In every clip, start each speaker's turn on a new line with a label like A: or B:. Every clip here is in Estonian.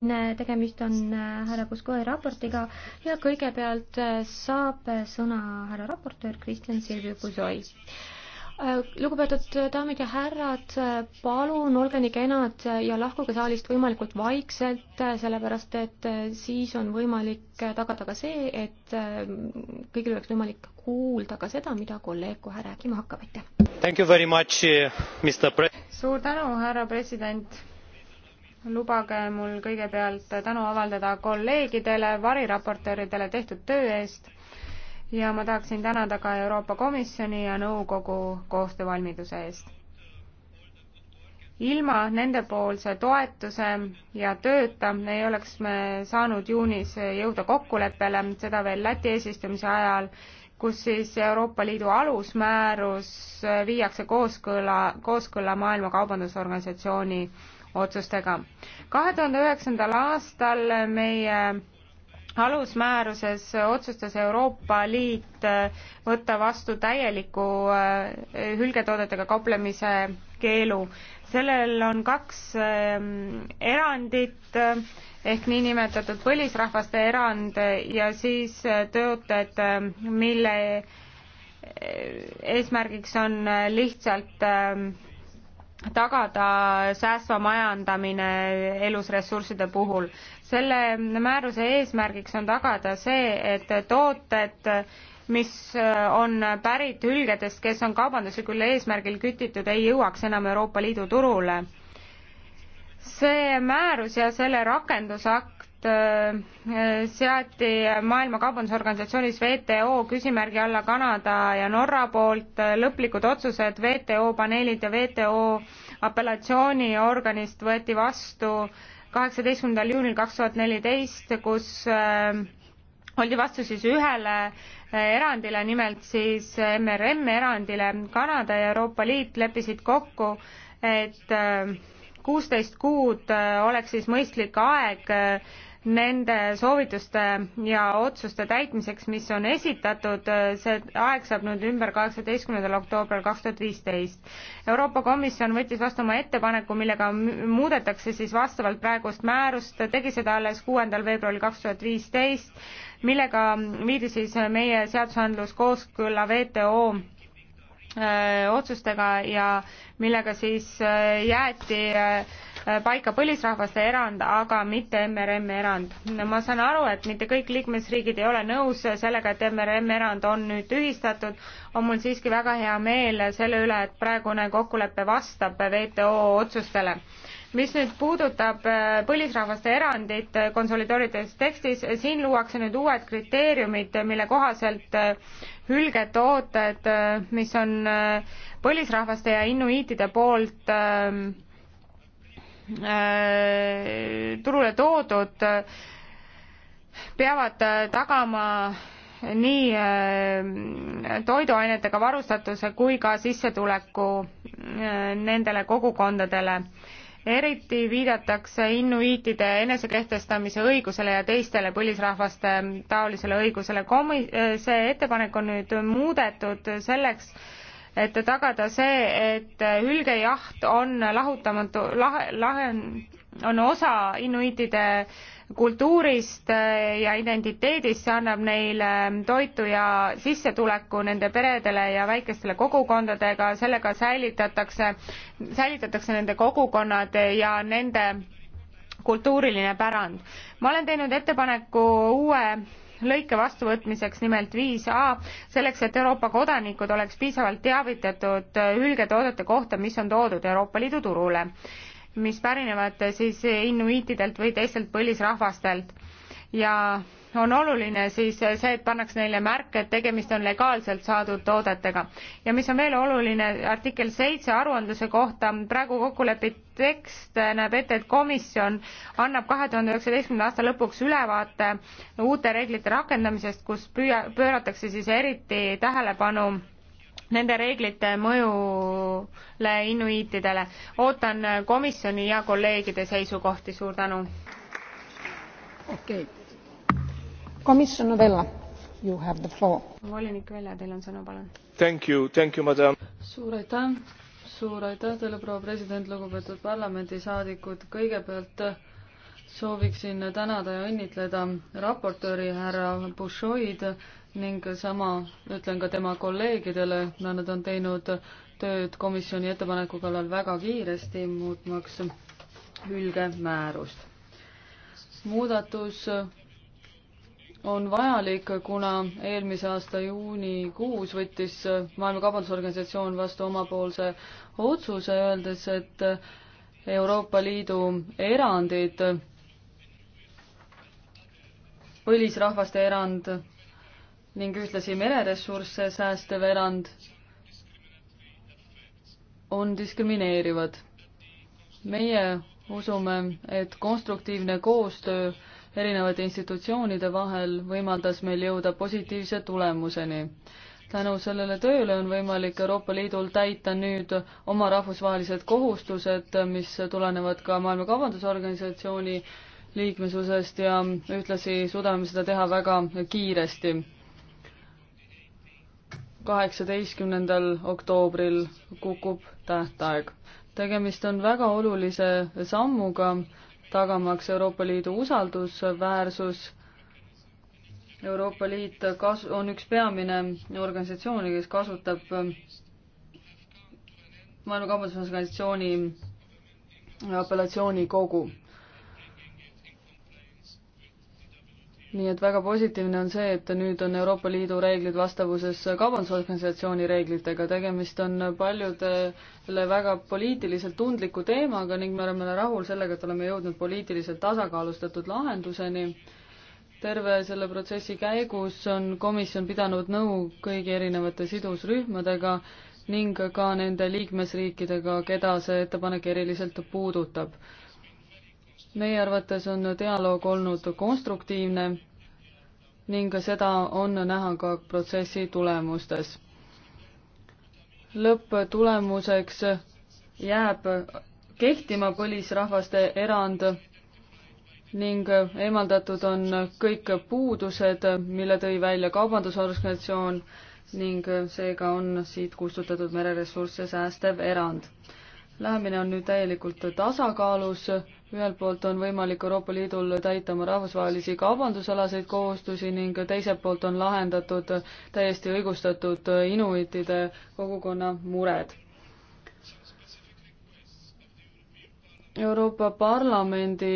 A: Äh, tegemist on äh, härra Puskoe raportiga ja kõigepealt äh, saab sõna härra raportöör Kristjan Silvio Pusoi. lugupeetud daamid ja härrad, palun olge nii kenad ja lahkuge saalist võimalikult vaikselt, sellepärast et siis on võimalik tagada ka see, et kõigil oleks võimalik kuulda ka seda, mida kolleeg kohe rääkima hakkab, aitäh!
B: suur tänu, härra president! lubage mul kõigepealt tänu avaldada kolleegidele, variraportööridele tehtud töö eest ja ma tahaksin tänada ka Euroopa Komisjoni ja nõukogu koostöövalmiduse eest. ilma nendepoolse toetuse ja tööta ei oleks me saanud juunis jõuda kokkuleppele, seda veel Läti eesistumise ajal, kus siis Euroopa Liidu alusmäärus viiakse kooskõla, kooskõlla Maailma Kaubandusorganisatsiooni otsustega. kahe tuhande üheksandal aastal meie alusmääruses otsustas Euroopa Liit äh, võtta vastu täieliku äh, hülgetoodetega kauplemise keelu. sellel on kaks ähm, erandit äh, ehk niinimetatud põlisrahvaste erand ja siis töötajad, mille eesmärgiks on lihtsalt ähm, tagada säästva majandamine elusressursside puhul. selle määruse eesmärgiks on tagada see, et tooted, mis on pärit hülgedest, kes on kaubanduslikul eesmärgil kütitud, ei jõuaks enam Euroopa Liidu turule. see määrus ja selle rakendusakt Äh, seati Maailma Kaubandusorganisatsioonis WTO küsimärgi alla Kanada ja Norra poolt äh, lõplikud otsused WTO paneelid ja WTO apellatsiooniorganist võeti vastu kaheksateistkümnendal juunil kaks tuhat neliteist, kus äh, oldi vastu siis ühele erandile, nimelt siis MRM erandile. Kanada ja Euroopa Liit leppisid kokku, et kuusteist kuud oleks siis mõistlik aeg nende soovituste ja otsuste täitmiseks, mis on esitatud, see aeg saab nüüd ümber kaheksateistkümnendal oktoobril kaks tuhat viisteist. Euroopa Komisjon võttis vastu oma ettepaneku, millega muudetakse siis vastavalt praegust määrust, tegi seda alles kuuendal veebruaril kaks tuhat viisteist, millega viidi siis meie seadusandlus kooskõlla WTO otsustega ja millega siis jäeti Äh, paika põlisrahvaste erand, aga mitte MRM erand. ma saan aru, et mitte kõik liikmesriigid ei ole nõus sellega, et MRM erand on nüüd tühistatud. on mul siiski väga hea meel selle üle, et praegune kokkulepe vastab WTO otsustele mis nüüd puudutab äh, põlisrahvaste erandit konsolideeritud tekstis, siin luuakse nüüd uued kriteeriumid, mille kohaselt äh, hülgetooted, mis on põlisrahvaste ja inuiitide poolt ähm, Äh, turule toodud, peavad tagama nii äh, toiduainetega varustatuse kui ka sissetuleku äh, nendele kogukondadele. eriti viidatakse innuiitide enesekehtestamise õigusele ja teistele põlisrahvaste taolisele õigusele. see ettepanek on nüüd muudetud selleks, et tagada see, et hülgejaht on lahutamatu, lahe, lahe, on osa inuitide kultuurist ja identiteedist, see annab neile toitu ja sissetuleku nende peredele ja väikestele kogukondadega, sellega säilitatakse, säilitatakse nende kogukonnad ja nende kultuuriline pärand. ma olen teinud ettepaneku uue lõike vastuvõtmiseks nimelt 5a, selleks et Euroopa kodanikud oleks piisavalt teavitatud hülgetoodete kohta, mis on toodud Euroopa Liidu turule, mis pärinevad siis inuiitidelt või teistelt põlisrahvastelt ja on oluline siis see, et pannakse neile märk, et tegemist on legaalselt saadud toodetega. ja mis on veel oluline, artikkel seitse aruandluse kohta praegu kokku lepitud tekst näeb ette, et komisjon annab kahe tuhande üheksateistkümnenda aasta lõpuks ülevaate uute reeglite rakendamisest, kus püüa, pööratakse siis eriti tähelepanu nende reeglite mõjule inuiitidele. ootan komisjoni ja kolleegide seisukohti, suur tänu. okei okay
C: volinik Velja, teil on sõna, palun. suur aitäh, suur aitäh teile, proua president, lugupeetud parlamendisaadikud, kõigepealt sooviksin tänada ja õnnitleda raportööri härra Bushoid ning sama ütlen ka tema kolleegidele, no nad on teinud tööd komisjoni ettepaneku kallal väga kiiresti, muutmaks hülgemäärust. muudatus on vajalik, kuna eelmise aasta juunikuus võttis Maailma Kaubandusorganisatsioon vastu omapoolse otsuse, öeldes, et Euroopa Liidu erandid, põlisrahvaste erand ning ühtlasi mereressursse säästev erand on diskrimineerivad. meie usume, et konstruktiivne koostöö erinevate institutsioonide vahel võimaldas meil jõuda positiivse tulemuseni. tänu sellele tööle on võimalik Euroopa Liidul täita nüüd oma rahvusvahelised kohustused, mis tulenevad ka Maailma Kaubandusorganisatsiooni liikmesusest ja ühtlasi suudame seda teha väga kiiresti kaheksateistkümnendal oktoobril kukub tähtaeg. tegemist on väga olulise sammuga tagamaks Euroopa Liidu usaldusväärsus. Euroopa Liit kas-, on üks peamine organisatsioon, kes kasutab ähm, Maailma Kaubandusorganisatsiooni apellatsioonikogu nii et väga positiivne on see, et nüüd on Euroopa Liidu reeglid vastavuses Kaubandusorganisatsiooni reeglitega, tegemist on paljudele väga poliitiliselt tundliku teemaga ning me oleme rahul sellega, et oleme jõudnud poliitiliselt tasakaalustatud lahenduseni. terve selle protsessi käigus on komisjon pidanud nõu kõigi erinevate sidusrühmadega ning ka nende liikmesriikidega, keda see ettepanek eriliselt puudutab meie arvates on dialoog olnud konstruktiivne ning seda on näha ka protsessi tulemustes. lõpptulemuseks jääb kehtima põlisrahvaste erand ning eemaldatud on kõik puudused, mille tõi välja Kaubandusorganisatsioon ning seega on siit kustutatud mereressursse säästev erand. Lähemine on nüüd täielikult tasakaalus ühelt poolt on võimalik Euroopa Liidul täita oma rahvusvahelisi kaubandusalaseid kohustusi ning teiselt poolt on lahendatud täiesti õigustatud inuitide kogukonna mured. Euroopa Parlamendi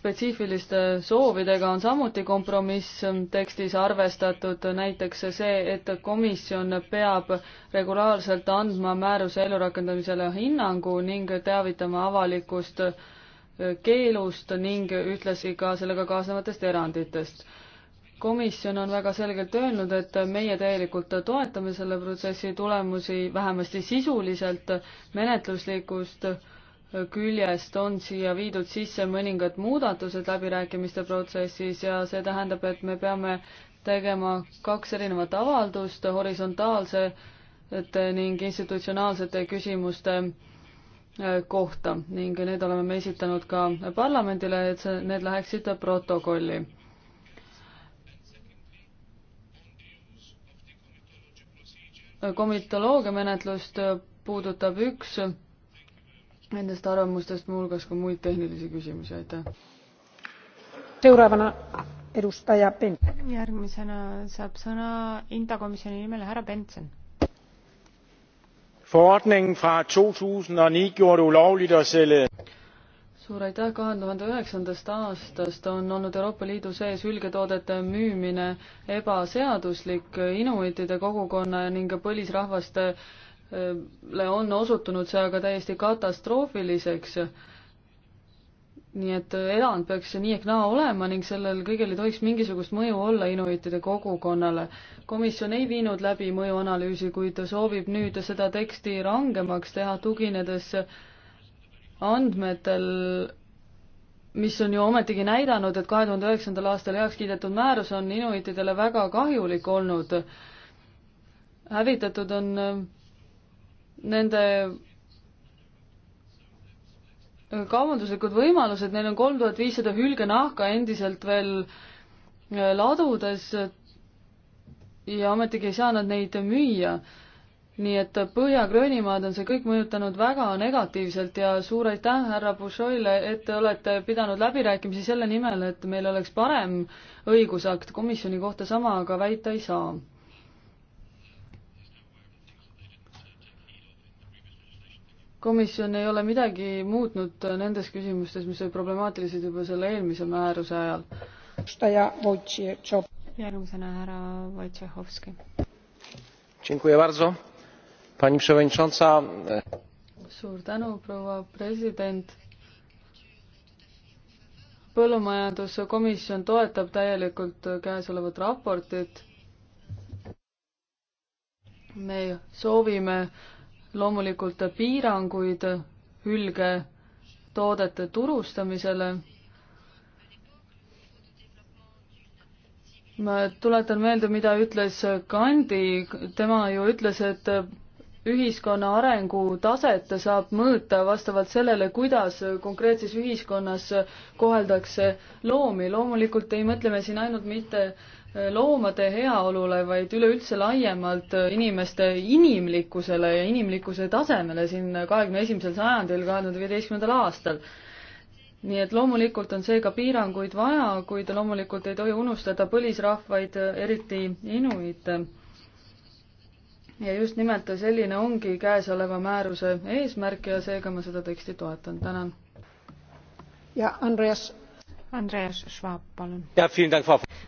C: spetsiifiliste soovidega on samuti kompromiss tekstis arvestatud, näiteks see, et komisjon peab regulaarselt andma määruse elurakendamisele hinnangu ning teavitama avalikkust äh, keelust ning ühtlasi ka sellega kaasnevatest eranditest. komisjon on väga selgelt öelnud, et meie täielikult toetame selle protsessi tulemusi, vähemasti sisuliselt menetluslikust küljest on siia viidud sisse mõningad muudatused läbirääkimiste protsessis ja see tähendab, et me peame tegema kaks erinevat avaldust horisontaalsete ning institutsionaalsete küsimuste Äh, kohta ning need oleme me esitanud ka parlamendile, et see, need läheksid protokolli. komitoloogia menetlust puudutab üks nendest arvamustest, muuhulgas ka muid tehnilisi küsimusi, aitäh.
B: seuraavana edustaja Pent. järgmisena saab sõna Inta
C: komisjoni nimel härra Bentsen
B: forordningen fra to tusind og ni gjorde det ulovligt at sælge
C: suur aitäh, kahe tuhande üheksandast aastast on olnud Euroopa Liidu sees hülgetoodete müümine ebaseaduslik inuitide kogukonna ning põlisrahvastele eh, on osutunud see aga täiesti katastroofiliseks nii et äh, erand peaks see nii ehk naa olema ning sellel kõigel ei tohiks mingisugust mõju olla inuitide kogukonnale. komisjon ei viinud läbi mõjuanalüüsi, kuid ta soovib nüüd seda teksti rangemaks teha, tuginedes andmetel, mis on ju ometigi näidanud, et kahe tuhande üheksandal aastal heaks kiidetud määrus on inuitidele väga kahjulik olnud. hävitatud on äh, nende kaubanduslikud võimalused, neil on kolm tuhat viissada hülgenahka endiselt veel äh, ladudes ja ometigi ei saa nad neid müüa. nii et Põhja-Gröönimaad on see kõik mõjutanud väga negatiivselt ja suur aitäh härra Bushoile, et te olete pidanud läbirääkimisi selle nimel, et meil oleks parem õigusakt, komisjoni kohta sama aga väita ei saa komisjon ei ole midagi muutnud nendes küsimustes, mis olid problemaatilised juba selle eelmise määruse ajal.
B: järgmisena härra Wojciechowski.
C: suur tänu, proua president. põllumajanduskomisjon toetab täielikult käesolevat raportit. me soovime loomulikult piiranguid hülgetoodete turustamisele. ma tuletan meelde, mida ütles Gandhi, tema ju ütles, et ühiskonna arengutaset saab mõõta vastavalt sellele, kuidas konkreetses ühiskonnas koheldakse loomi. loomulikult ei mõtle me siin ainult mitte loomade heaolule, vaid üleüldse laiemalt inimeste inimlikkusele ja inimlikkuse tasemele siin kahekümne esimesel sajandil, kahe tuhande viieteistkümnendal aastal. nii et loomulikult on seega piiranguid vaja, kuid loomulikult ei tohi unustada põlisrahvaid, eriti inuite. ja just nimelt selline ongi käesoleva määruse eesmärk ja seega ma seda teksti toetan, tänan. ja Andreas Andreas Schwab, palun.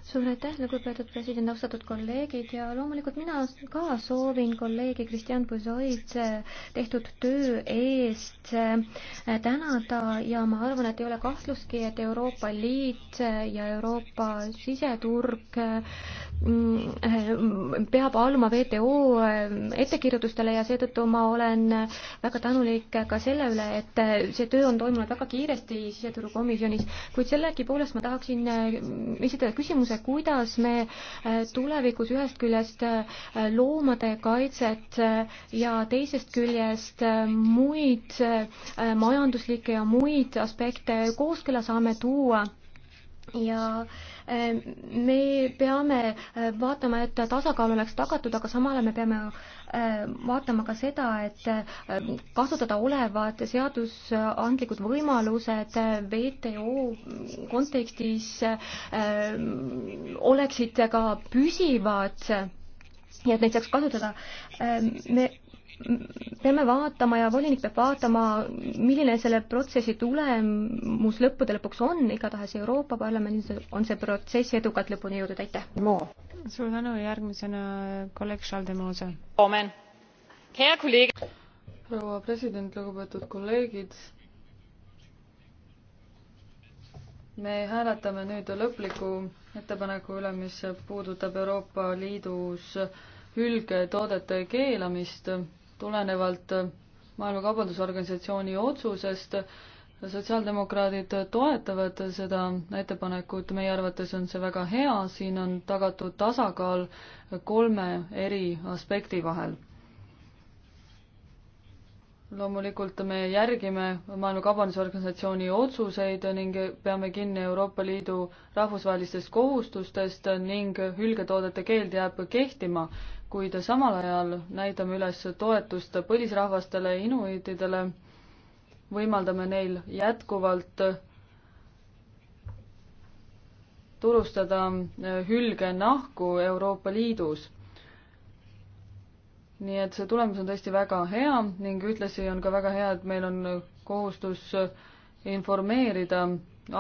C: suur
A: aitäh, lugupeetud president, austatud kolleegid ja loomulikult mina ka soovin kolleegi Kristjan Puzoid äh, tehtud töö eest äh, tänada ja ma arvan, et ei ole kahtlustki, et Euroopa Liit äh, ja Euroopa siseturg Mm, peab alluma WTO ähm, ettekirjutustele ja seetõttu ma olen väga tänulik ka selle üle, et äh, see töö on toimunud väga kiiresti siseturukomisjonis, kuid sellegipoolest ma tahaksin äh, esitada küsimuse, kuidas me äh, tulevikus ühest küljest loomade kaitset ja teisest küljest muid majanduslikke ja muid aspekte kooskõlla saame tuua ja äh, me peame äh, vaatama, et tasakaal oleks tagatud, aga samal ajal me peame äh, vaatama ka seda, et äh, kasutada olevad seadusandlikud võimalused WTO kontekstis oleksid ka püsivad ja et neid saaks kasutada. me peame vaatama ja volinik peab vaatama, milline selle protsessi tulemus lõppude lõpuks on, igatahes Euroopa Parlamendis on see protsess edukalt lõpuni jõudnud, aitäh! suur tänu, järgmisena
C: kolleeg Schaldemose. proua president, lugupeetud kolleegid, me hääletame nüüd lõpliku ettepaneku üle, mis puudutab Euroopa Liidus hülgetoodete keelamist tulenevalt Maailma Kaubandusorganisatsiooni otsusest sotsiaaldemokraadid toetavad seda ettepanekut, meie arvates on see väga hea, siin on tagatud tasakaal kolme eri aspekti vahel. loomulikult me järgime Maailma Kaubandusorganisatsiooni otsuseid ning peame kinni Euroopa Liidu rahvusvahelistest kohustustest ning hülgetoodete keeld jääb kehtima kuid samal ajal näitame üles toetust põlisrahvastele ja inuiitidele, võimaldame neil jätkuvalt turustada äh, hülgenahku Euroopa Liidus. nii et see tulemus on tõesti väga hea ning ühtlasi on ka väga hea, et meil on kohustus informeerida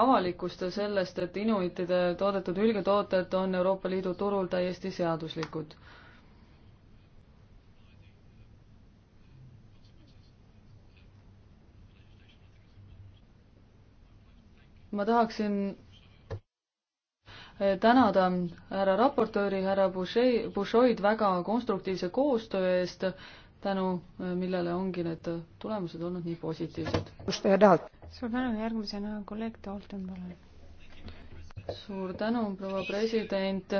C: avalikkust sellest, et inuitide toodetud hülgetooted on Euroopa Liidu turul täiesti seaduslikud ma tahaksin eh, tänada härra raportööri, härra Boucher, Bouchoid väga konstruktiivse koostöö eest, tänu eh, millele ongi need tulemused olnud nii positiivsed. suur tänu, järgmisena kolleeg Dalton, palun. suur tänu, proua president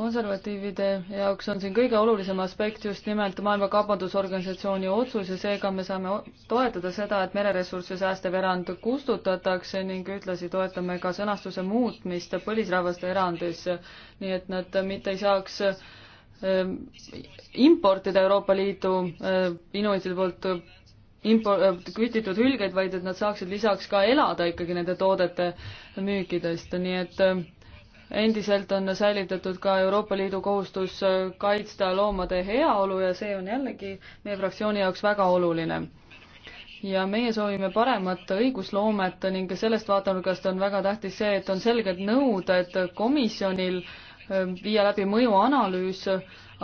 C: konservatiivide jaoks on siin kõige olulisem aspekt just nimelt Maailma Kaubandusorganisatsiooni otsus ja seega me saame toetada seda, et mereressursse säästev erand kustutatakse ning ühtlasi toetame ka sõnastuse muutmist põlisrahvaste erandis, nii et nad mitte ei saaks ähm, importida Euroopa Liidu äh, inuitide poolt äh, impo-, äh, kütitud hülgeid, vaid et nad saaksid lisaks ka elada ikkagi nende toodete müükidest, nii et endiselt on säilitatud ka Euroopa Liidu kohustus kaitsta loomade heaolu ja see on jällegi meie fraktsiooni jaoks väga oluline. ja meie soovime paremat õigusloomet ning sellest vaatenurgast on väga tähtis see, et on selged nõuded komisjonil äh, viia läbi mõjuanalüüs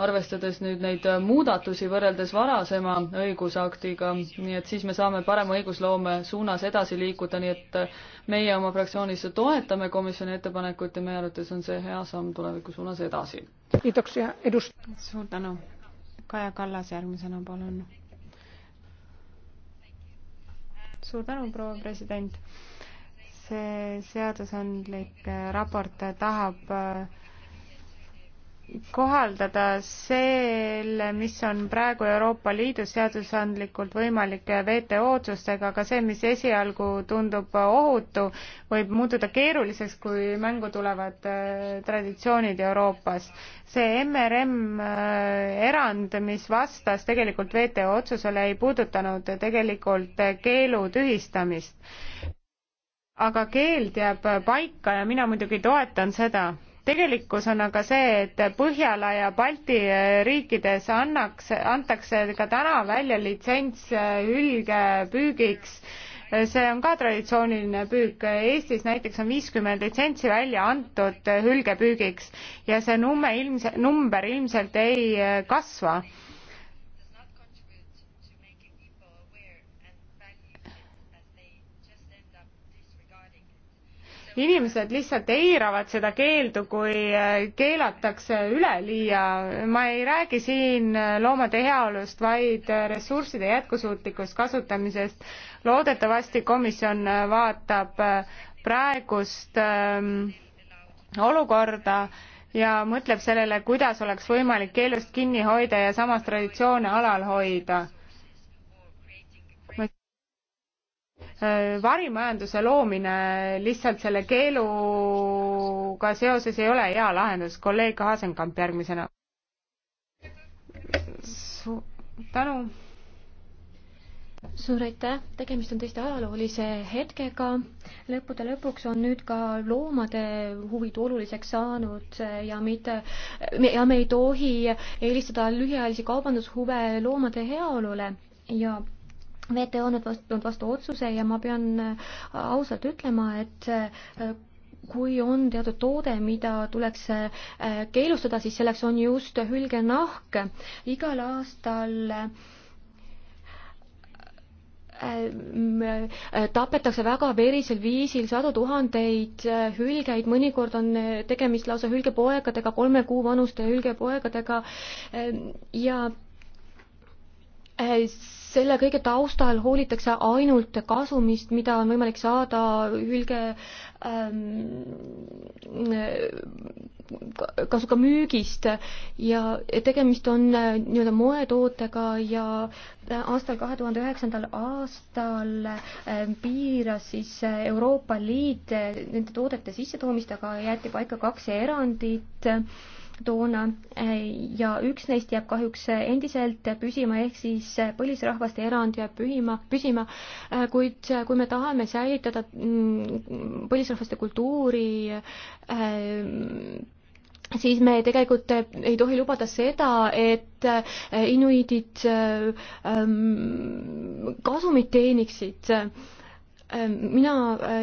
C: arvestades nüüd neid äh, muudatusi võrreldes varasema õigusaktiga, nii et siis me saame parema õigusloome suunas edasi liikuda, nii et äh, meie oma fraktsioonis toetame komisjoni ettepanekut ja meie arvates on see hea samm tuleviku suunas edasi.
B: kiitoksia, edust-. suur tänu. Kaja Kallas järgmisena, palun. suur tänu, proua president. see seadusandlik äh, raport tahab äh, kohaldada selle, mis on praegu Euroopa Liidus seadusandlikult võimalike WTO otsustega, aga see, mis esialgu tundub ohutu, võib muutuda keeruliseks, kui mängu tulevad äh, traditsioonid Euroopas. see MRM äh, erand, mis vastas tegelikult WTO otsusele, ei puudutanud tegelikult äh, keelu tühistamist. aga keeld jääb paika ja mina muidugi toetan seda tegelikkus on aga see, et Põhjala ja Balti riikides annaks, antakse ka täna välja litsents hülgepüügiks. see on ka traditsiooniline püük, Eestis näiteks on viiskümmend litsentsi välja antud hülgepüügiks ja see nume ilmse-, number ilmselt ei kasva inimesed lihtsalt eiravad seda keeldu, kui äh, keelatakse üleliia. ma ei räägi siin äh, loomade heaolust, vaid äh, ressursside jätkusuutlikust kasutamisest. loodetavasti komisjon vaatab praegust ähm, olukorda ja mõtleb sellele, kuidas oleks võimalik keelust kinni hoida ja samas traditsioone alal hoida Äh, varimajanduse loomine lihtsalt selle keeluga seoses ei ole hea lahendus. kolleeg Haasenkamp järgmisena.
A: tänu. suur aitäh, tegemist on tõesti ajaloolise hetkega. lõppude lõpuks on nüüd ka loomade huvid oluliseks saanud ja mitte, ja me ei tohi eelistada lühiajalisi kaubandushuve loomade heaolule ja WTO on nüüd vastu, vastu otsuse ja ma pean äh, ausalt ütlema, et äh, kui on teatud toode, mida tuleks äh, keelustada, siis selleks on just hülgenahk. igal aastal tapetakse väga verisel viisil sadu tuhandeid hülgeid, mõnikord on tegemist lausa hülgepoegadega, kolme kuu vanuste hülgepoegadega ja selle kõige taustal hoolitakse ainult kasumist, mida on võimalik saada hülge ähm, kasuga müügist ja tegemist on äh, nii-öelda moetootega ja äh, aastal kahe tuhande üheksandal aastal äh, piiras siis Euroopa Liit nende toodete sissetoomist, aga jäeti paika kaks erandit äh, toona ja üks neist jääb kahjuks endiselt püsima, ehk siis põlisrahvaste erand jääb pühima, püsima, kuid kui me tahame säilitada mm, põlisrahvaste kultuuri mm, siis me tegelikult ei tohi lubada seda, et inuidid mm, kasumit teeniksid. mina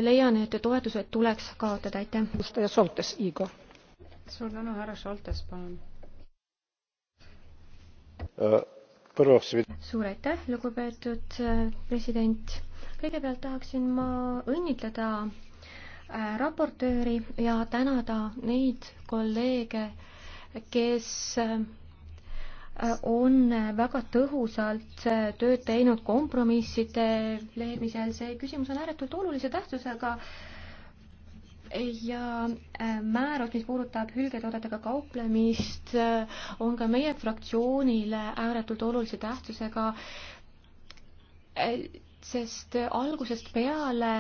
A: leian, et toetused tuleks kaotada, aitäh
B: suur tänu, härra Šoltes, palun
A: uh,. suur aitäh, lugupeetud äh, president. kõigepealt tahaksin ma õnnitleda äh, raportööri ja tänada neid kolleege, kes on väga tõhusalt tööd teinud kompromisside leidmisel. see küsimus on ääretult olulise tähtsusega äh, ja äh, määrus, mis puudutab hülgetoodetega kauplemist, äh, on ka meie fraktsioonile ääretult olulise tähtsusega, äh, sest algusest peale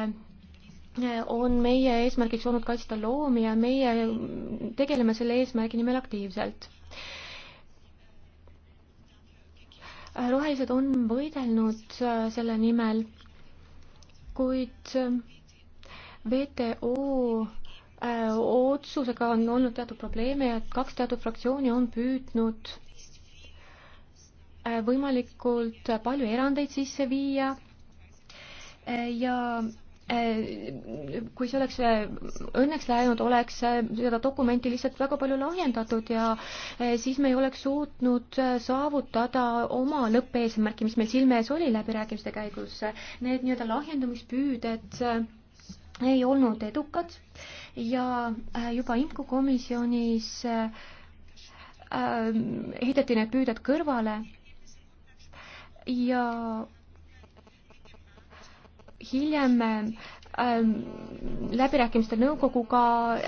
A: on meie eesmärgiks olnud kaitsta loomi ja meie tegeleme selle eesmärgi nimel aktiivselt rohelised on võidelnud selle nimel, kuid WTO äh, otsusega on olnud teatud probleeme ja kaks teatud fraktsiooni on püüdnud äh, võimalikult palju erandeid sisse viia äh, ja kui see oleks õnneks läinud, oleks seda dokumenti lihtsalt väga palju lahjendatud ja siis me ei oleks suutnud saavutada oma lõppeesmärki, mis meil silme ees oli läbirääkimiste käigus. Need nii-öelda lahjendumispüüded et ei olnud edukad ja äh, juba IMCO komisjonis heideti äh, äh, need püüded kõrvale ja hiljem ähm, läbirääkimiste nõukoguga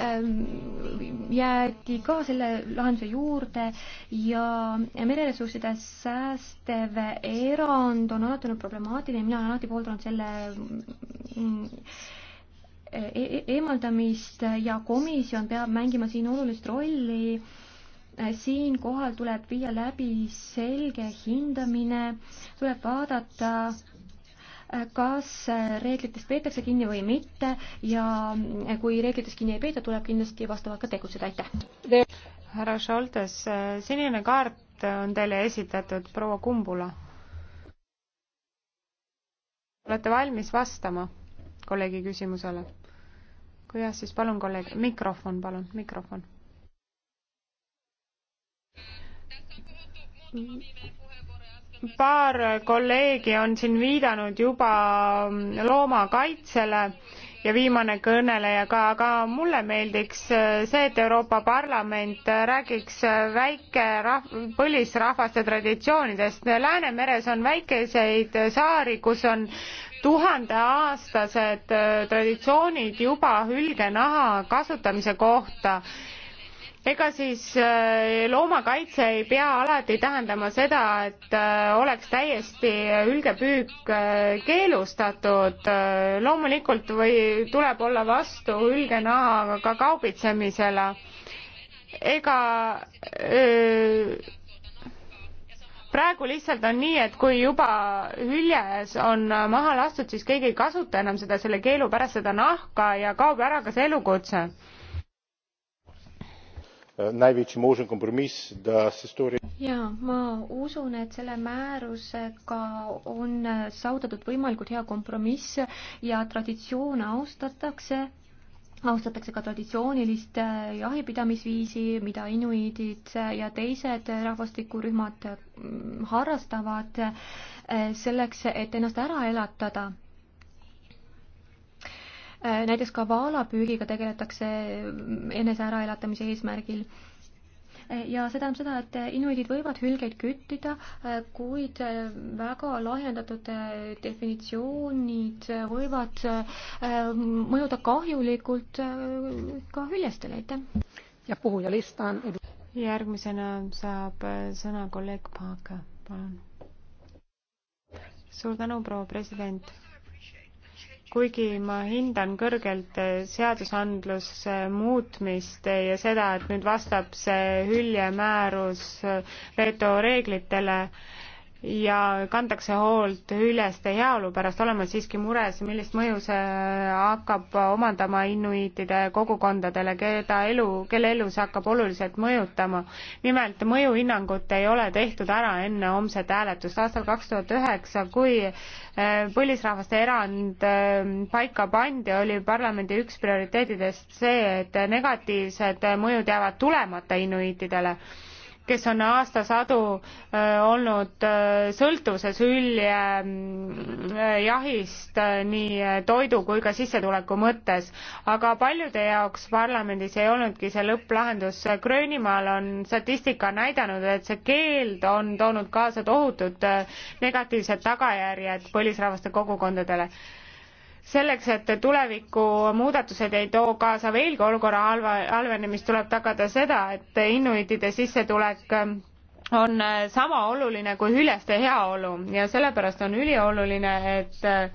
A: ähm, jäädi ka selle lahenduse juurde ja mereressursside säästev erand on alati olnud problemaatiline, mina olen alati pooldanud selle mm, E-, e eemaldamist ja komisjon peab mängima siin olulist rolli. siinkohal tuleb viia läbi selge hindamine, tuleb vaadata, kas reeglitest peetakse kinni või mitte ja kui reeglitest kinni ei peeta, tuleb kindlasti vastavalt ka tegutseda, aitäh. härra Šoltes,
B: sinine kaart on teile esitatud proua Kumbula. olete valmis vastama kolleegi küsimusele? kui jah, siis palun, kolleeg, mikrofon, palun, mikrofon. paar kolleegi on siin viidanud juba loomakaitsele ja viimane kõneleja ka, aga mulle meeldiks see, et Euroopa Parlament räägiks väike rahv-, põlisrahvaste traditsioonidest. Läänemeres on väikeseid saari, kus on tuhandeaastased äh, traditsioonid juba hülgenaha kasutamise kohta ega siis äh, loomakaitse ei pea alati tähendama seda, et äh, oleks täiesti hülgepüük keelustatud. loomulikult või tuleb olla vastu hülgenahaga ka kaubitsemisele. ega öö, praegu lihtsalt on nii, et kui juba hüljes on maha lastud, siis keegi ei kasuta enam seda selle keelu pärast seda nahka ja kaob ära ka see elukutse.
C: največji možen kompromiss, da se stori
A: jaa, ma usun, et selle määrusega on saavutatud võimalikult hea kompromiss ja traditsioone austatakse austatakse ka traditsioonilist äh, jahipidamisviisi, mida inuiidid äh, ja teised äh, rahvastikurühmad mm, harrastavad selleks, et ennast ära elatada. näiteks ka vaalapüügiga tegeletakse mm, enese äraelatamise eesmärgil ja see tähendab seda, et inuidid võivad hülgeid küttida, äh, kuid äh, väga lahjendatud äh, definitsioonid võivad mõjuda kahjulikult ka hüljestele, aitäh. ja puhujalista on edu. järgmisena
B: saab sõna kolleeg Paaka, palun. suur tänu, proua president kuigi ma hindan kõrgelt seadusandluse muutmist ja seda, et nüüd vastab see hüljemäärus veto reeglitele, ja kantakse hoolt hüljeste heaolu pärast, oleme siiski mures, millist mõju see hakkab omandama inuiitide kogukondadele, keda elu, kelle elu see hakkab oluliselt mõjutama. nimelt mõjuhinnangut ei ole tehtud ära enne homset hääletust. aastal kaks tuhat üheksa, kui eh, põlisrahvaste erand eh, paika pandi, oli parlamendi üks prioriteetidest see, et negatiivsed mõjud jäävad tulemata inuiitidele kes on aastasadu äh, olnud äh, sõltuvuses
C: hüljejahist
B: mm, äh, nii toidu kui ka sissetuleku mõttes. aga paljude jaoks parlamendis ei olnudki see lõpplahendus. Gröönimaal on statistika näidanud, et see keeld on toonud kaasa tohutud negatiivsed tagajärjed põlisrahvaste kogukondadele selleks, et tuleviku muudatused ei too kaasa veelgi olukorra halva, halvenemist, tuleb tagada seda, et innuitide sissetulek ähm, on äh, sama oluline kui hüljeste heaolu ja sellepärast on ülioluline, et äh,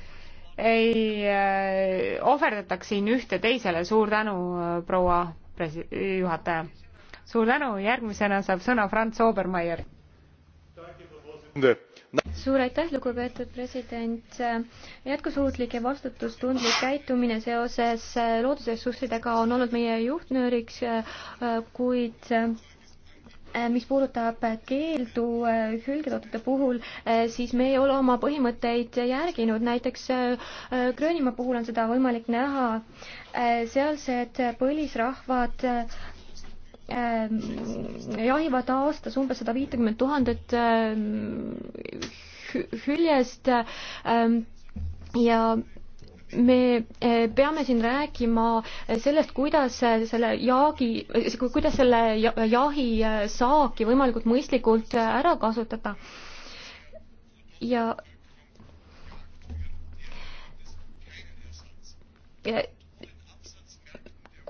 B: ei äh, ohverdataks siin ühte teisele. suur tänu, proua presi-, juhataja. suur tänu, järgmisena saab sõna Franz Obermeier
A: suur aitäh, lugupeetud president. jätkusuutlik ja vastutustundlik käitumine seoses loodusressurssidega on olnud meie juhtnööriks, kuid eh, mis puudutab keeldu eh, hülgetoodete puhul, eh, siis me ei ole oma põhimõtteid järginud, näiteks Gröönimaa puhul on seda võimalik näha. sealsed põlisrahvad Äh, jahivad aastas umbes sada viitekümmet tuhandet äh, hüljest ähm, ja me äh, peame siin rääkima sellest, kuidas selle jaagi, kuidas selle jahi saaki võimalikult mõistlikult ära kasutada. ja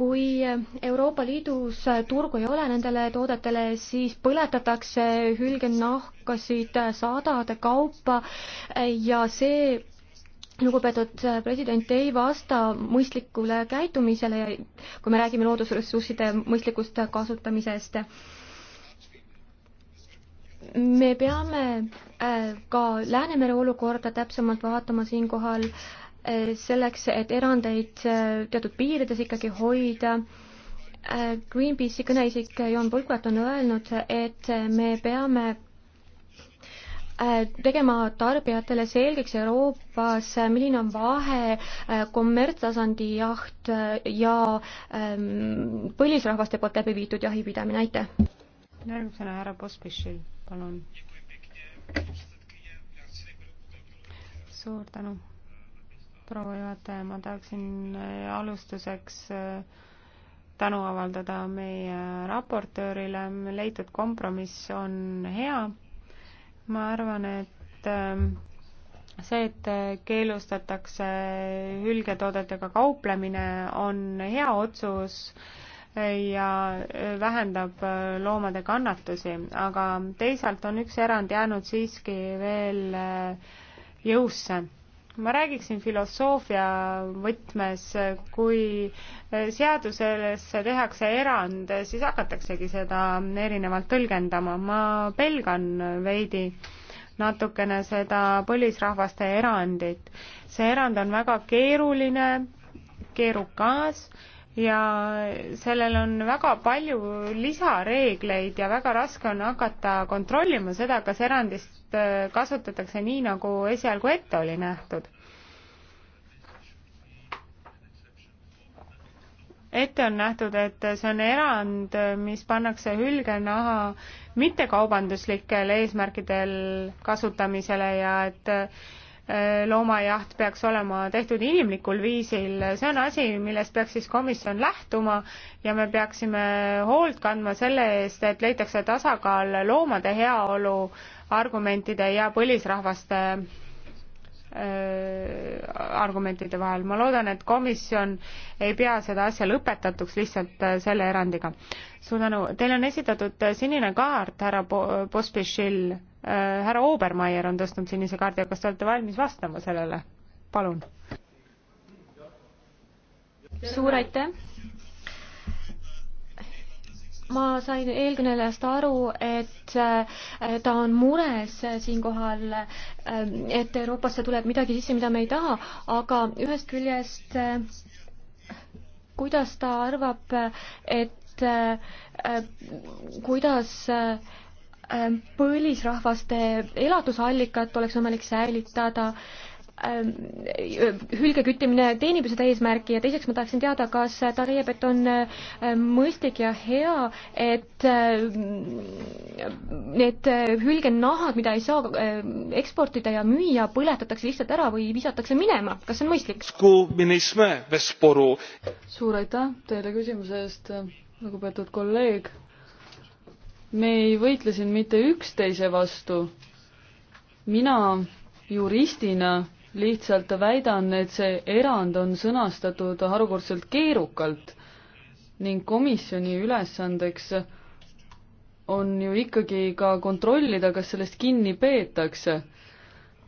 A: kui Euroopa Liidus turgu ei ole nendele toodetele, siis põletatakse hülgenahkasid sadade kaupa ja see lugupeetud president ei vasta mõistlikule käitumisele, kui me räägime loodusressursside mõistlikust kasutamisest me peame äh, ka Läänemere olukorda täpsemalt vaatama siinkohal Eh, selleks, et erandeid eh, teatud piirides ikkagi hoida. Eh, Greenpeace'i kõneisik Jon Pulkvat on öelnud, et me peame tegema tarbijatele selgeks Euroopas, milline on vahe kommertstasandi jaht ja ehm, põlisrahvaste poolt läbi viidud jahipidamine, aitäh!
B: järgmisena härra Pospišil, palun. suur tänu proua juhataja, ma tahaksin äh, alustuseks äh, tänu avaldada meie raportöörile, leitud kompromiss on hea. ma arvan, et äh, see, et keelustatakse hülgetoodetega kauplemine, on hea otsus ja vähendab loomade kannatusi, aga teisalt on üks erand jäänud siiski veel jõusse ma räägiksin filosoofia võtmes, kui seadusesse tehakse erand, siis hakataksegi seda erinevalt tõlgendama. ma pelgan veidi natukene seda põlisrahvaste erandit. see erand on väga keeruline, keerukas ja sellel on väga palju lisareegleid ja väga raske on hakata kontrollima seda, kas erandist et äh, kasutatakse nii, nagu esialgu ette oli nähtud. ette on nähtud, et see on erand, mis pannakse hülgenaha mittekaubanduslikel eesmärkidel kasutamisele ja et äh, loomajaht peaks olema tehtud inimlikul viisil, see on asi, millest peaks siis komisjon lähtuma ja me peaksime hoolt kandma selle eest, et leitakse tasakaal loomade heaolu argumentide ja põlisrahvaste äh, argumentide vahel. ma loodan, et komisjon ei pea seda asja lõpetatuks lihtsalt äh, selle erandiga. suur tänu, teile on esitatud äh, sinine kaart, härra Pospišil, äh, härra Obermeier on tõstnud sinise kaardi, kas te olete valmis vastama sellele? palun.
A: suur aitäh ma sain eelkõnelejast aru, et äh, ta on mures siinkohal, äh, et Euroopasse tuleb midagi sisse, mida me ei taha, aga ühest küljest äh, kuidas ta arvab, et kuidas põlisrahvaste elatusallikat oleks võimalik säilitada äh, Ähm, äh, hülgeküttimine teenib seda eesmärki ja teiseks ma tahaksin teada, kas äh, tariebett on äh, mõistlik ja hea, et need hülgenahad, mida ei saa eksportida ja müüa, põletatakse
C: lihtsalt ära või visatakse minema, kas see on mõistlik? suur aitäh teile küsimuse eest, lugupeetud kolleeg. me ei võitle siin mitte üksteise vastu. mina juristina lihtsalt väidan, et see erand on sõnastatud harukordselt keerukalt ning komisjoni ülesandeks on ju ikkagi ka kontrollida, kas sellest kinni peetakse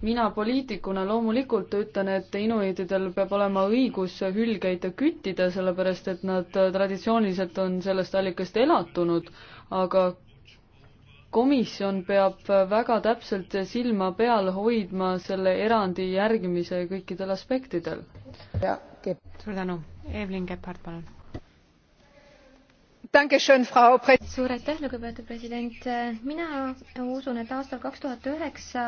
C: mina poliitikuna loomulikult ütlen, et inuiididel peab olema õigus hülgeid küttida, sellepärast et nad traditsiooniliselt on sellest allikast elatunud, aga komisjon peab väga täpselt silma peal hoidma selle erandi järgimise kõikidel aspektidel. suur tänu, Evelyn Keppard, palun.
A: suur aitäh, lugupeetud president, mina usun, et aastal kaks tuhat üheksa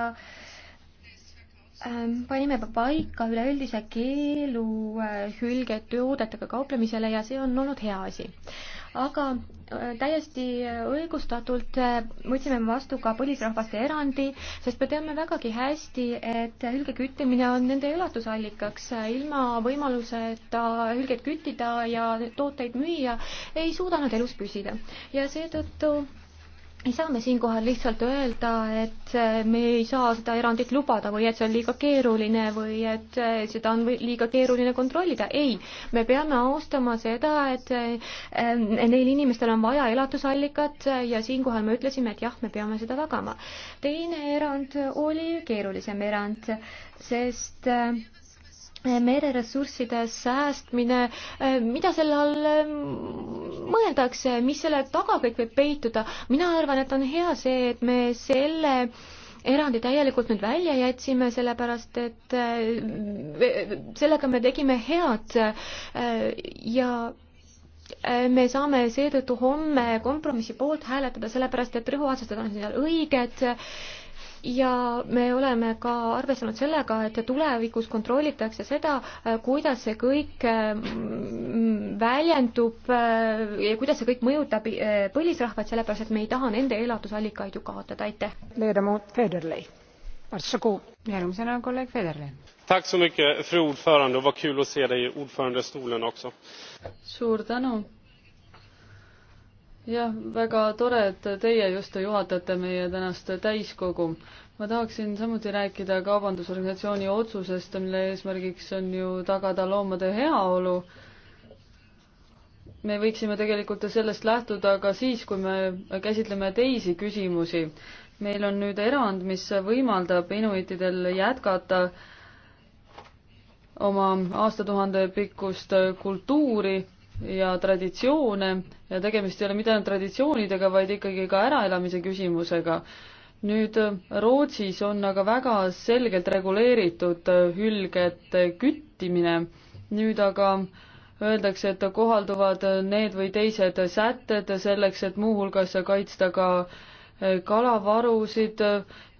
A: ähm, panime paika üleüldise keelu äh, hülgetoodetega kauplemisele ja see on olnud hea asi aga äh, täiesti äh, õigustatult äh, võtsime vastu ka põlisrahvaste erandi, sest me teame vägagi hästi, et hülgeküttimine on nende elatusallikaks. ilma võimaluseta hülgeid küttida ja tooteid müüa ei suuda nad elus püsida ja seetõttu ei saa me siinkohal lihtsalt öelda, et äh, me ei saa seda erandit lubada või et see on liiga keeruline või et äh, seda on liiga keeruline kontrollida. ei, me peame austama seda, et äh, neil inimestel on vaja elatusallikat ja siinkohal me ütlesime, et jah, me peame seda tagama. teine erand oli keerulisem erand, sest mereressursside säästmine, mida selle all mõeldakse, mis selle taga kõik võib peituda. mina arvan, et on hea see, et me selle erandi täielikult nüüd välja jätsime, sellepärast et äh, sellega me tegime head äh, ja äh, me saame seetõttu homme kompromissi poolt hääletada, sellepärast et rõhuasetused on seal õiged ja me oleme ka arvestanud sellega, et tulevikus kontrollitakse seda, äh, kuidas see kõik äh, väljendub äh, ja kuidas see kõik mõjutab põlisrahvaid, sellepärast et me ei taha nende elatusallikaid ju kaotada, aitäh.
B: järgmisena kolleeg Federle.
C: suur tänu jah, väga tore, et teie just juhatate meie tänast täiskogu. ma tahaksin samuti rääkida Kaubandusorganisatsiooni otsusest, mille eesmärgiks on ju tagada loomade heaolu. me võiksime tegelikult sellest lähtuda ka siis, kui me käsitleme teisi küsimusi. meil on nüüd erand, mis võimaldab inuitidel jätkata oma aastatuhande pikkust kultuuri ja traditsioone ja tegemist ei ole mitte ainult traditsioonidega, vaid ikkagi ka äraelamise küsimusega. nüüd Rootsis on aga väga selgelt reguleeritud äh, hülgete küttimine, nüüd aga öeldakse, et kohalduvad need või teised sätted selleks, et muuhulgas kaitsta ka äh, kalavarusid,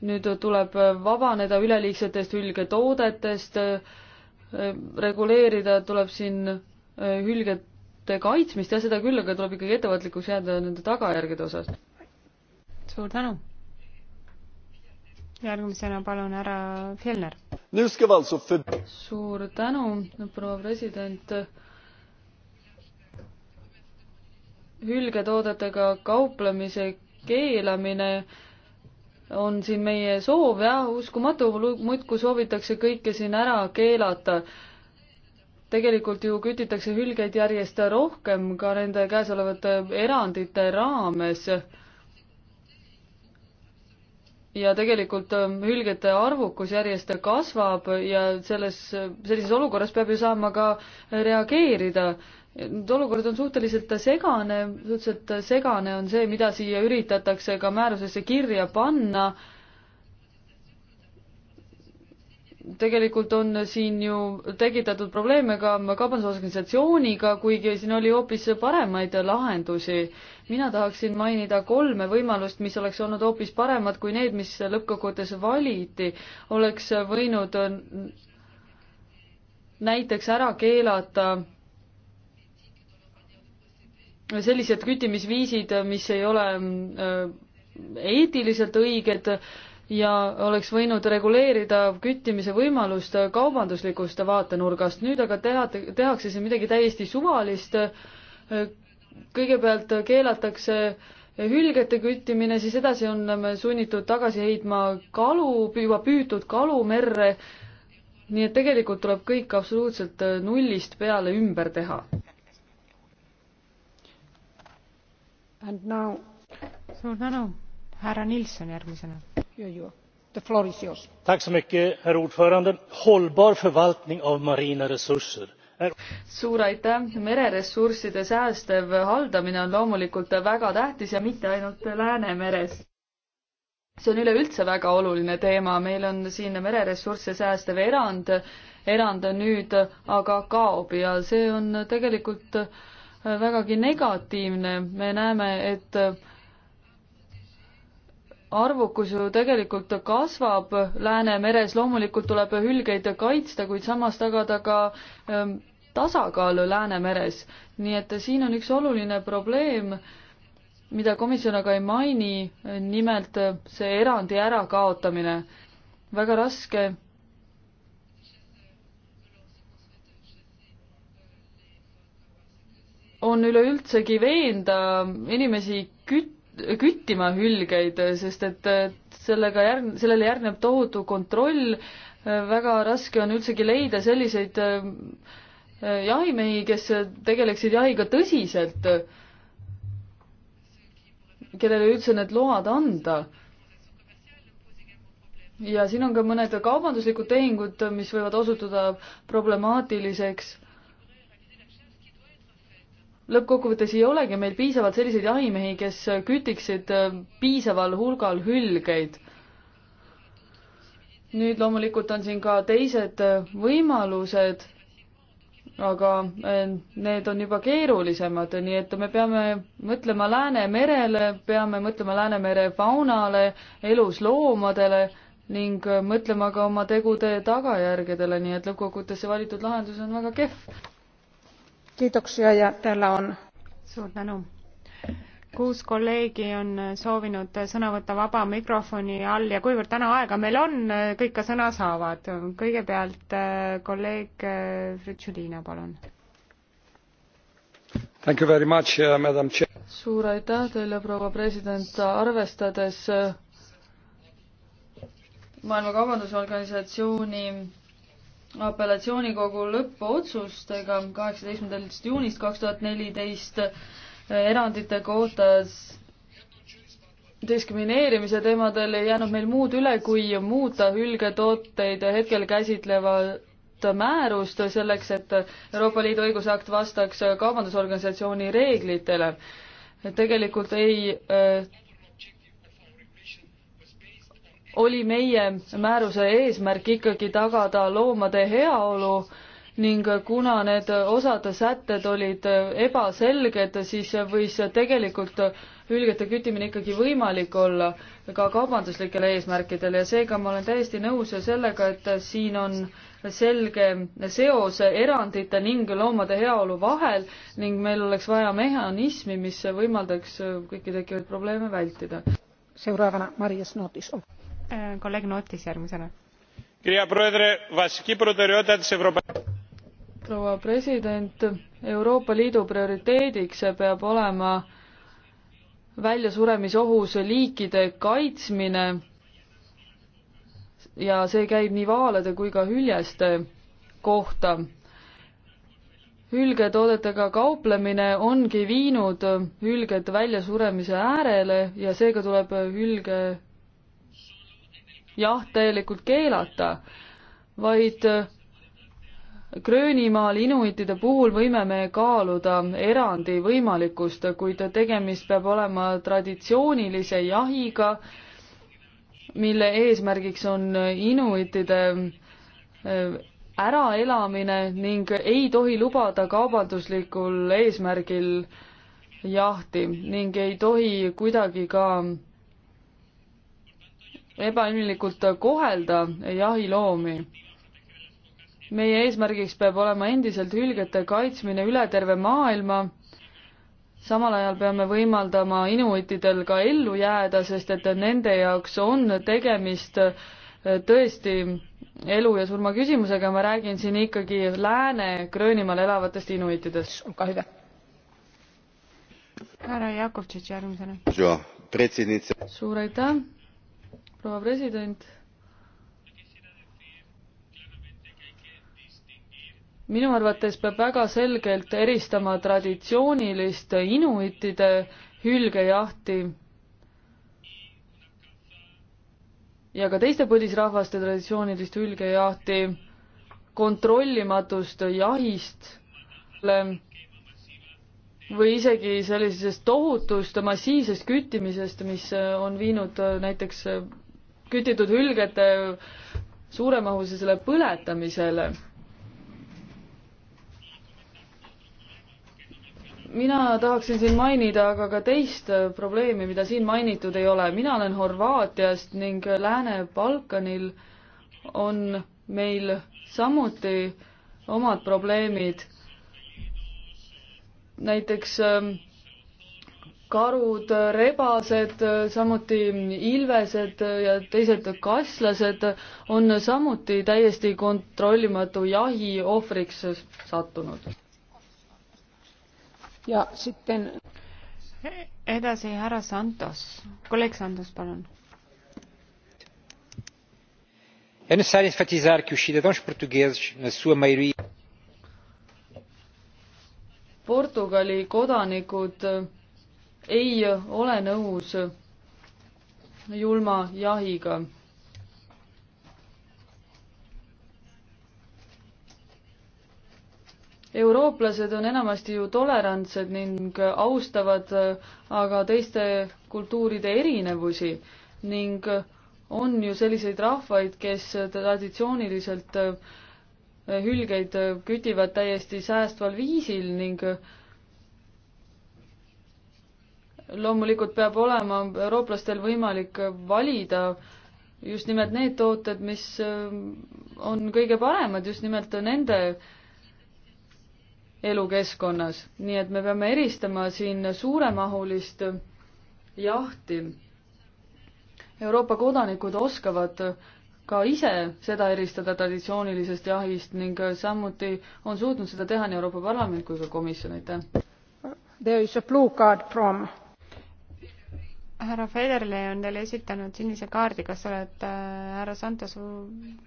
C: nüüd tuleb vabaneda üleliigsetest hülgetoodetest, äh, reguleerida tuleb siin hülged kaitsmist, jah, seda küll, aga tuleb ikkagi ettevaatlikuks jääda nende tagajärgede osas. suur tänu. järgmisena palun härra Fjellner. suur tänu, proua president hülgetoodetega kauplemise keelamine on siin meie soov ja uskumatu, muudkui soovitakse kõike siin ära keelata tegelikult ju kütitakse hülgeid järjest rohkem ka nende käesolevate erandite raames. ja tegelikult ähm, hülgete arvukus järjest kasvab ja selles, sellises olukorras peab ju saama ka reageerida. nüüd olukord on suhteliselt segane, suhteliselt segane on see, mida siia üritatakse ka määrusesse kirja panna tegelikult on siin ju tekitatud probleeme ka kaubandusorganisatsiooniga, kuigi siin oli hoopis paremaid lahendusi. mina tahaksin mainida kolme võimalust, mis oleks olnud hoopis paremad kui need, mis lõppkokkuvõttes valiti. oleks võinud näiteks ära keelata sellised küttimisviisid, mis ei ole äh, eetiliselt õiged ja oleks võinud reguleerida küttimise võimalust kaubanduslikust vaatenurgast. nüüd aga teha, tehakse siin midagi täiesti suvalist. kõigepealt keelatakse hülgete küttimine, siis edasi oleme sunnitud tagasi heitma kalu, juba püütud kalu merre. nii et tegelikult tuleb kõik absoluutselt nullist peale ümber teha.
B: suur tänu, härra Nilsson järgmisena herr
A: talman! hållbar förvaltning av marina resurser
C: suur aitäh! mereressursside säästev haldamine on loomulikult väga tähtis ja mitte ainult läänemeres. see on üleüldse väga oluline teema, meil on siin mereressursse säästev erand, erand nüüd aga kaob ja see on tegelikult vägagi negatiivne, me näeme, et arvukus ju tegelikult kasvab Läänemeres, loomulikult tuleb hülgeid kaitsta, kuid samas tagada ka ähm, tasakaalu Läänemeres. nii et siin on üks oluline probleem, mida komisjon aga ei maini, nimelt see erandi ärakaotamine. väga raske on üleüldsegi veenda inimesi küt-, küttima hülgeid, sest et sellega järg-, sellele järgneb tohutu kontroll, väga raske on üldsegi leida selliseid äh, jahimehi, kes tegeleksid jahiga tõsiselt, kellele üldse need load anda. ja siin on ka mõned kaubanduslikud tehingud, mis võivad osutuda problemaatiliseks lõppkokkuvõttes ei olegi meil piisavalt selliseid jahimehi, kes kütiksid äh, piisaval hulgal hülgeid. nüüd loomulikult on siin ka teised äh, võimalused, aga äh, need on juba keerulisemad, nii et me peame mõtlema Läänemerele, peame mõtlema Läänemere faunale, elusloomadele ning mõtlema ka oma tegude tagajärgedele, nii et lõppkokkuvõttes see valitud lahendus on väga kehv
B: kiitoksia ja täällä on. suur tänu. kuus kolleegi on soovinud sõna võtta vaba mikrofoni all ja kuivõrd täna aega meil on, kõik ka sõna saavad. kõigepealt
C: äh, kolleeg äh, Fritšulina, palun. Uh, suur aitäh teile, proua president, arvestades äh, Maailma Kaubandusorganisatsiooni apellatsioonikogu lõppotsustega kaheksateistkümnendast juunist kaks tuhat neliteist eh, erandite kohta diskrimineerimise teemadel ei jäänud meil muud üle, kui muuta hülgetooteid hetkel käsitlevat määrust selleks, et Euroopa Liidu õigusakt vastaks kaubandusorganisatsiooni reeglitele. tegelikult ei äh, oli meie määruse eesmärk ikkagi tagada loomade heaolu ning kuna need osad sätted olid ebaselged, siis võis tegelikult hülgete küttimine ikkagi võimalik olla ka kaubanduslikel eesmärkidel ja seega ma olen täiesti nõus sellega, et siin on selge seos erandite ning loomade heaolu vahel ning meil oleks vaja mehhanismi, mis võimaldaks kõiki tekkivaid probleeme vältida. seuraavana Maris Nordis. Äh, kolleeg Nootis järgmisena. proua president, Euroopa Liidu prioriteediks peab olema väljasuremisohus liikide kaitsmine ja see käib nii vaalade kui ka hüljeste kohta hülgetoodetega kauplemine ongi viinud hülged väljasuremise äärele ja seega tuleb hülge jah, täielikult keelata, vaid Gröönimaal inuitide puhul võime me kaaluda erandi võimalikkust, kuid tegemist peab olema traditsioonilise jahiga, mille eesmärgiks on inuitide äh, äraelamine ning ei tohi lubada kaubanduslikul eesmärgil jahti ning ei tohi kuidagi ka ebainimlikult kohelda jahiloomi. meie eesmärgiks peab olema endiselt hülgete kaitsmine üle terve maailma, samal ajal peame võimaldama inuitidel ka ellu jääda, sest et nende jaoks on tegemist eh, tõesti elu ja surma küsimusega, ma räägin siin ikkagi Lääne-Gröönimaal elavatest inuitidest. olge hüve. härra Jakovtšitš järgmisena. suur aitäh proua president. minu arvates peab väga selgelt eristama traditsioonilist inuitide hülgejahti ja ka teiste põlisrahvaste traditsioonilist hülgejahti kontrollimatust jahist või isegi sellisest tohutust massiivsest küttimisest, mis on viinud näiteks kütitud hülgede suuremahulisele põletamisele. mina tahaksin siin mainida aga ka teist probleemi, mida siin mainitud ei ole. mina olen Horvaatiast ning Lääne-Balkanil on meil samuti omad probleemid. näiteks äh, karud, rebased, samuti ilvesed ja teised kaslased on samuti täiesti kontrollimatu jahi ohvriks sattunud.
B: ja sitten edasi härra Santos, kolleeg Santos, palun. É necessário enfatizar que os cidadãos portugueses, na sua maioria.
C: Portugali kodanikud ei ole nõus julma jahiga. eurooplased on enamasti ju tolerantsed ning austavad aga teiste kultuuride erinevusi ning on ju selliseid rahvaid, kes traditsiooniliselt hülgeid kütivad täiesti säästval viisil ning loomulikult peab olema eurooplastel võimalik valida just nimelt need tooted, mis äh, on kõige paremad just nimelt nende elukeskkonnas, nii et me peame eristama siin suuremahulist jahti. Euroopa kodanikud oskavad ka ise seda eristada traditsioonilisest jahist ning samuti on suutnud seda teha nii Euroopa Parlament kui ka komisjon, aitäh.
B: There is a blue card from härra Federle on teile esitanud sinise kaardi, kas olete äh, härra Santos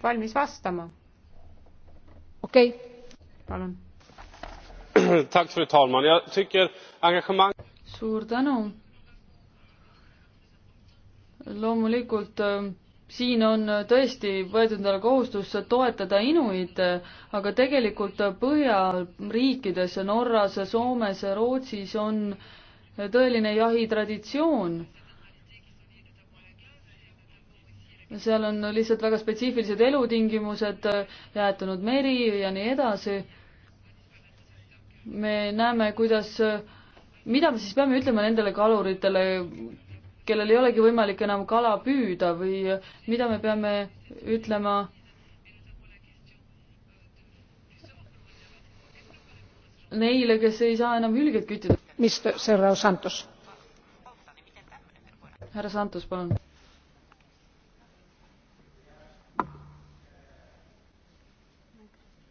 B: valmis vastama?
C: okei okay.. palun. suur tänu. loomulikult äh, siin on tõesti võetud endale kohustus toetada inuite, aga tegelikult Põhjariikides, Norras, Soomes, Rootsis on tõeline jahitraditsioon seal on lihtsalt väga spetsiifilised elutingimused, äh, jäätunud meri ja nii edasi. me näeme, kuidas, äh, mida me siis peame ütlema nendele kaluritele, kellel ei olegi võimalik enam kala püüda või äh, mida me peame ütlema neile, kes ei saa enam hülgeid küttida. mis, härra Santos? härra Santos, palun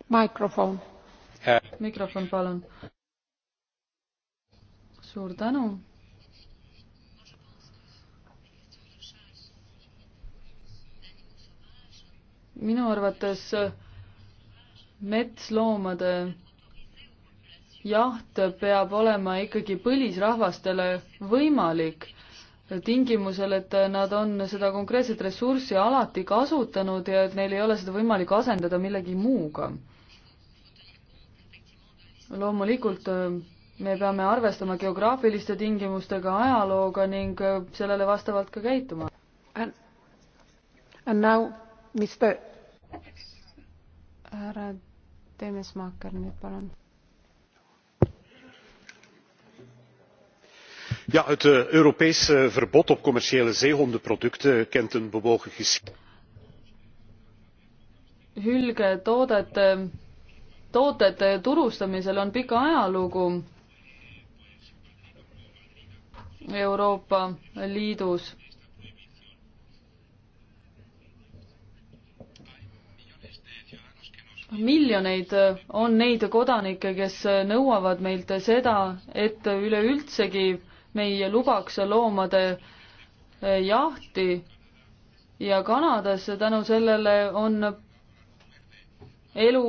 C: mikrofon. Äh. mikrofon, palun. suur tänu. minu arvates metsloomade jaht peab olema ikkagi põlisrahvastele võimalik tingimusel, et nad on seda konkreetset ressurssi alati kasutanud ja et neil ei ole seda võimalik asendada millegi muuga loomulikult äh, me peame arvestama geograafiliste tingimustega, ajalooga ning äh, sellele vastavalt ka käituma. And now Mr.
B: härra Temesmaaker nüüd palun.
C: Ja, het uh, Europese eh, verbod op commerciële zeehondenproducten
B: kent een bewogen geschiedenis.
C: Hülgetoodete eh, tootete turustamisel on pika ajalugu Euroopa Liidus. miljoneid on neid kodanikke, kes nõuavad meilt seda, et üleüldsegi me ei lubaks loomade jahti ja Kanadasse tänu sellele on elu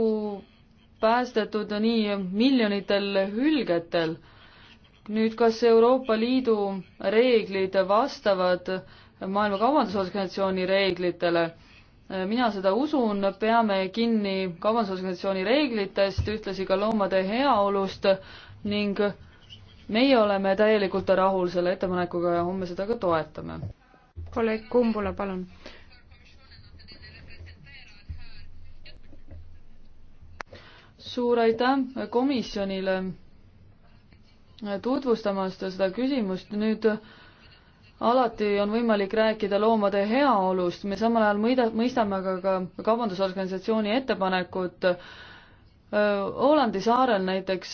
C: päästetud nii miljonitel hülgetel. nüüd, kas Euroopa Liidu reeglid vastavad Maailma Kaubandusorganisatsiooni reeglitele? mina seda usun, peame kinni Kaubandusorganisatsiooni reeglitest, ühtlasi ka loomade heaolust ning meie oleme täielikult rahul selle ettepanekuga ja homme seda ka toetame. kolleeg Kumbula, palun suur aitäh komisjonile tutvustamast seda küsimust, nüüd alati on võimalik rääkida loomade heaolust, me samal ajal mõida-, mõistame aga ka kaubandusorganisatsiooni ettepanekut, Hollandi saarel näiteks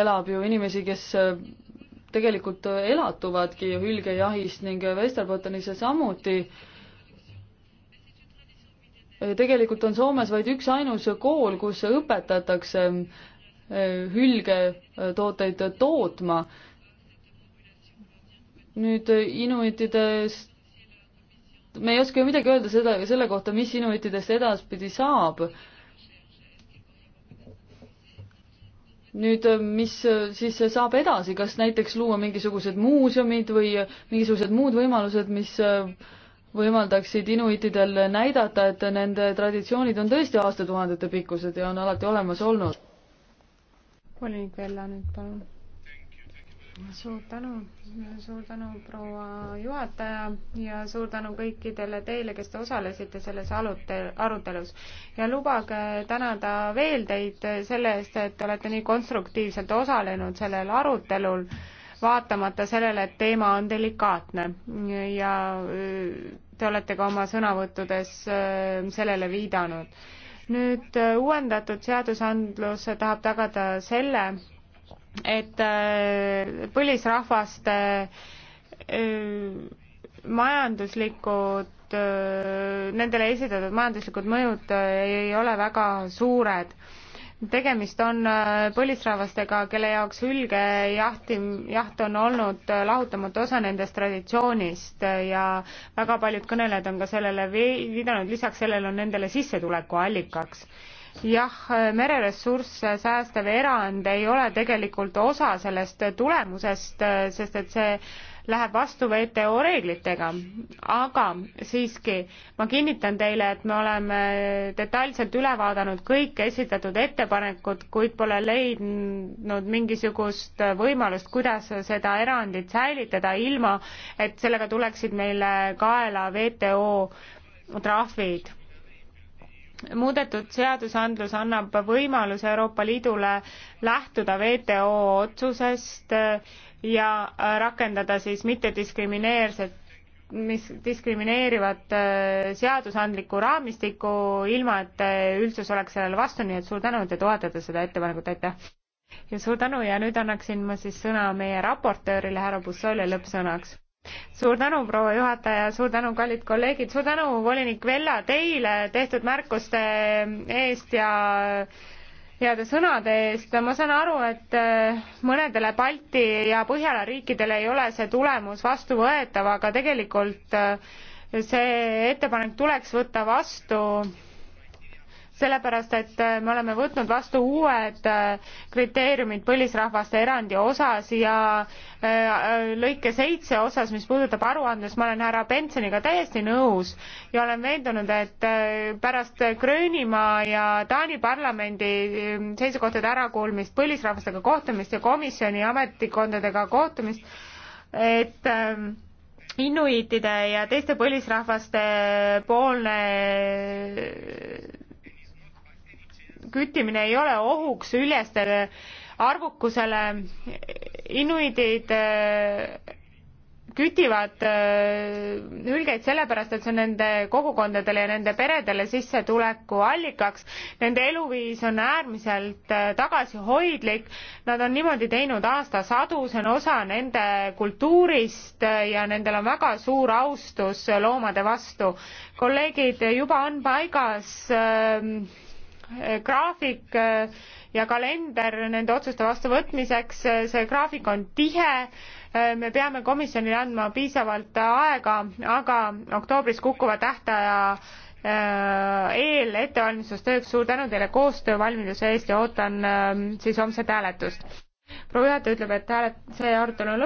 C: elab ju inimesi, kes tegelikult elatuvadki hülgejahist ning Vesterbotenisse samuti äh, tegelikult on Soomes vaid üksainus kool, kus õpetatakse eh, hülgetooteid tootma. nüüd inuitidest, me ei oska ju midagi öelda seda, selle kohta, mis inuitidest edaspidi saab. nüüd, mis siis saab edasi, kas näiteks luua mingisugused muuseumid või mingisugused muud võimalused, mis äh, võimaldaksid inuitidel näidata, et nende traditsioonid on tõesti aastatuhandete pikkused ja on alati olemas olnud.
B: volinik Vella nüüd palun. suur tänu, suur tänu, proua juhataja ja suur tänu kõikidele teile, kes te osalesite selles arutel-, arutelus. ja lubage tänada veel teid selle eest, et olete nii konstruktiivselt osalenud sellel arutelul vaatamata sellele, et teema on delikaatne ja äh, te olete ka oma sõnavõttudes äh, sellele viidanud. nüüd äh, uuendatud seadusandlus tahab tagada selle, et põlisrahvaste majanduslikud, nendele esitatud majanduslikud mõjud ei ole väga suured tegemist on äh, põlisrahvastega, kelle jaoks hülge jahti, jaht on olnud äh, lahutamatu osa nendest traditsioonist äh, ja väga paljud kõnelejad on ka sellele viidanud, lisaks sellele on nendele sissetuleku allikaks jah, mereressursse säästev erand ei ole tegelikult osa sellest tulemusest, sest et see läheb vastu WTO reeglitega, aga siiski ma kinnitan teile, et me oleme detailselt üle vaadanud kõik esitatud ettepanekud, kuid pole leidnud mingisugust võimalust, kuidas seda erandit säilitada, ilma et sellega tuleksid meile kaela WTO trahvid muudetud seadusandlus annab võimaluse Euroopa Liidule lähtuda WTO otsusest ja äh, rakendada siis mittediskrimineerset mis diskrimineerivat äh, seadusandlikku raamistikku, ilma et äh, üldsus oleks sellele vastu, nii et suur tänu, et te toetate seda ettepanekut, aitäh! ja suur tänu ja nüüd annaksin ma siis sõna meie raportöörile, härra Bussole lõppsõnaks. suur tänu, proua juhataja, suur tänu, kallid kolleegid, suur tänu, volinik Vella, teile tehtud märkuste eest ja heade sõnade eest. ma saan aru, et äh, mõnedele Balti ja Põhjala riikidele ei ole see tulemus vastuvõetav, aga tegelikult äh, see ettepanek tuleks võtta vastu sellepärast, et äh, me oleme võtnud vastu uued äh, kriteeriumid põlisrahvaste erandi osas ja äh, lõike seitse osas, mis puudutab aruandlust, ma olen härra Bensoniga täiesti nõus ja olen veendunud, et pärast Gröönimaa ja Taani parlamendi seisukohtade ärakuulmist, põlisrahvastega kohtumist ja komisjoni ametikondadega kohtumist, et inuiitide ja teiste põlisrahvaste poolne küttimine ei ole ohuks üljestele arvukusele. inuidid äh, kütivad hülgeid äh, sellepärast, et see on nende kogukondadele ja nende peredele sissetuleku allikaks. Nende eluviis on äärmiselt äh, tagasihoidlik, nad on niimoodi teinud aastasadu, see on osa nende kultuurist ja nendel on väga suur austus loomade vastu. kolleegid, juba on paigas äh, Eh, graafik eh, ja kalender nende otsuste vastuvõtmiseks, eh, see graafik on tihe, me peame komisjonile andma piisavalt aega, aga oktoobris kukkuva tähtaja eel ettevalmistustööks suur tänu teile koostöövalmiduse eest ja ootan siis homset hääletust. proua juhataja ütleb, et hääled, see arutelu on lõpp-.